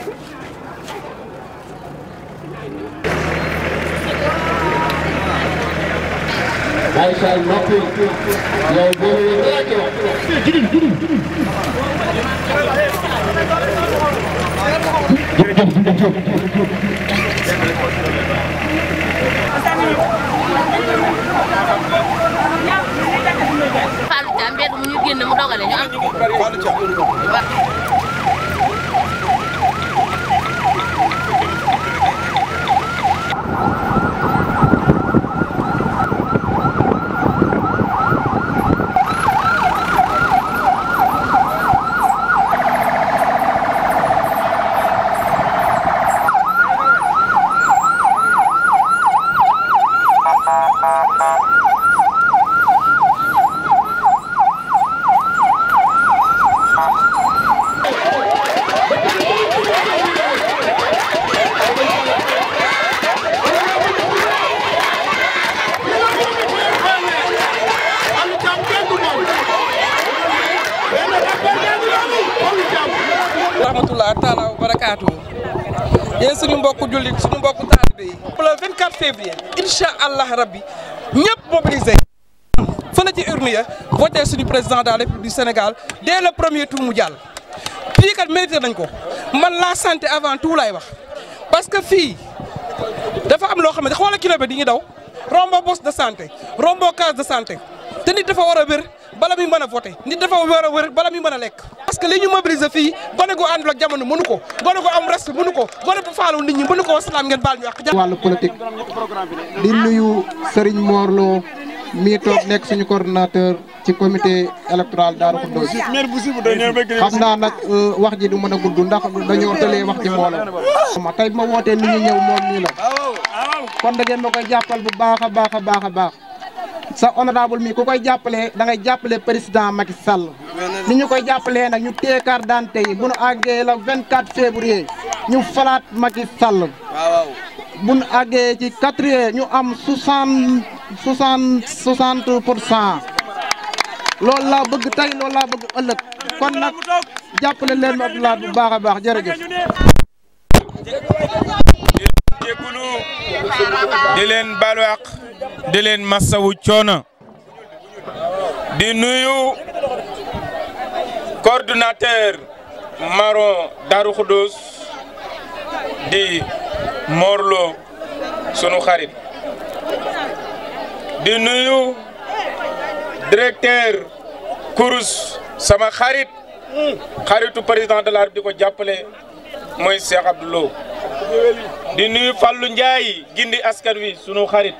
I shall not be your Fallou Thiam mbedd mu ñu génn mu dogale ñu am rahmatullah taala wa barakaatu yéen suñu mbokk julit suñu mbokk talibé yi le 24 février incha allah rabbi ñepp mobilisé fële ci urne ya voté suñu président de la république du Sénégal dès le premier tour mondial jàll fii kat mérité nañ ko man la santé avant tout lay wax parce que fi dafa am lo xamné ne xoolal kilomètre di ñi daw rombo boss de santé rombo case de santé te nit dafa wara a bala muy mën a voté nit dafa war a bala muy mën a lekk parce que li ñu mobiliser fii gone gu àndul ak jamono mënu ko gone gu am respect mënu ko gone bu faalu nit ñi mënu ko wasalaam ngeen baal ñu àq wàllu politique nekk suñu coordonnateur ci comité électoral Darou Khoudoss xam naa nag euh, wax ji mën a gudd ndax dañoo tëlee wax ji mbooloo ma tey ma wootee nit ñi ñëw moom nii la kon da ngeen ma jàppal bu baax a baax a baax a baax sa honorable mi ku koy jàppale da ngay jàppale président Macky Sall ni ñu koy jàppalee nag ñu téye carte d'identité yi bu nu àggee le 24 février ñu falaat Macky Sall bu nu àggee ci 4 heures ñu am 60 60 60 pour cent loolu laa bëgg tey loolu laa bëgg ëllëg kon nag jàppale leen ma Abdoulaye bu baax a baax jërëjëf di leen balu di leen masawu coono di nuyu coordonnateur maron Darou di Morlo sunu xarit di nuyu directeur Kourous sama xarit xaritu président de la République di ko jàppale mooy Cheikh di nuyu Fallou Ndiaye gindi askan wi sunu xarit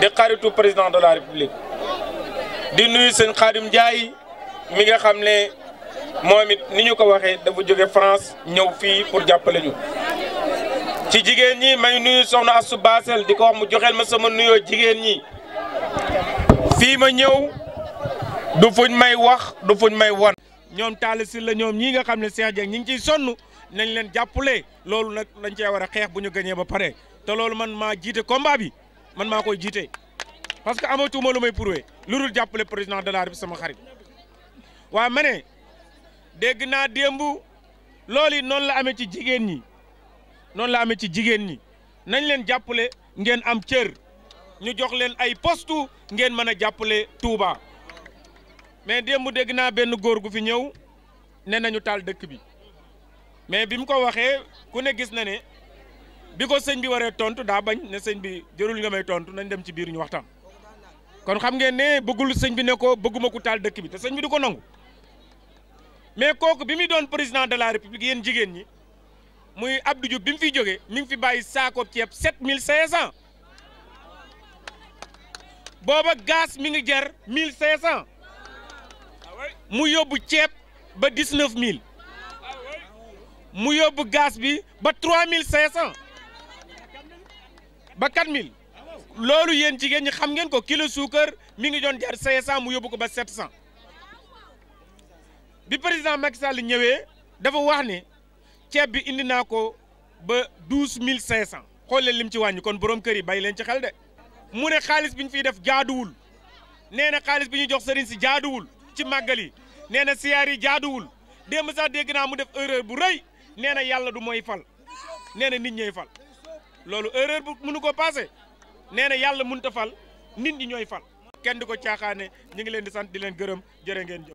di xaritu président de la république di nuyu sëñ Khadim Ndiaye mi nga xam ne moom it ni ñu ko waxee dafa jóge France ñëw fii pour jàppale ñu. ci jigéen ñi may nuyu soxna Assou Basel di ko wax mu joxeel ma sama nuyoo jigéen ñi fii ma ñëw du fuñ may wax du fuñ may wan. ñoom Talla Sylla la ñoom ñii nga xam ne Cheikh Dieng ñi ngi ciy sonn. nañ leen jàppale loolu nag lañ cee war a xeex bu ñu gañee ba pare te loolu man maa jiite combat bi man maa koy jiite parce que amatuma lu may prouvé lu dul jàppale président de la République sama xarit waa ma ne dégg naa démb loolu it noonu la amee ci jigéen ñi noonu la ame ci jigéen ñi nañ leen jàppale ngeen am cër ñu jox leen ay postu ngeen mën a jàppale Touba mais démb dégg naa benn góor gu fi ñëw ne nañu taal dëkk bi mais bi mu ko waxee ku ne gis na ne bi ko sëñ bi waree tontu daa bañ ne sëñ bi jërul nga may tontu nañ dem ci biir ñu waxtaan kon xam ngeen ne bëggul sëñ bi ne ko bëgguma ku taal dëkk bi te sëñ bi du ko nangu mais kooku bi muy doon président de la république yéen jigéen ñi muy Abdou Diouf bi mu fiy jógee mi ngi fi bàyyi saako ceeb 7500 booba gaz mi ngi jar 1500 mu yóbbu ceeb ba 19000. mu yóbbu gaas bi ba 3500 ba 4000 loolu yéen jigéen ñi xam ngeen ko kilo suukar mi ngi doon jar 500 mu yóbbu ko ba 700 bi président Macky Sall ñëwee dafa wax ne ceeb bi indi naa ko ba 12500 xool leen lim ci wàññi kon borom kër yi bàyyi leen ci xel de mu ne xaalis bi ñu fiy def jaaduwul nee na xaalis bi ñu jox sëriñ si jaaduwul ci màggal yi nee na siyaar yi jaaduwul démb sa dégg naa mu def erreur bu rëy. nee na yàlla du mooy fal nee na nit ñoy fal loolu erreur bu mënu ko passé nee na yàlla mënut a fal nit ñi ñooy fal. kenn du ko caaxaane ñu ngi leen di sant di leen gërëm jërë ngeen jëf.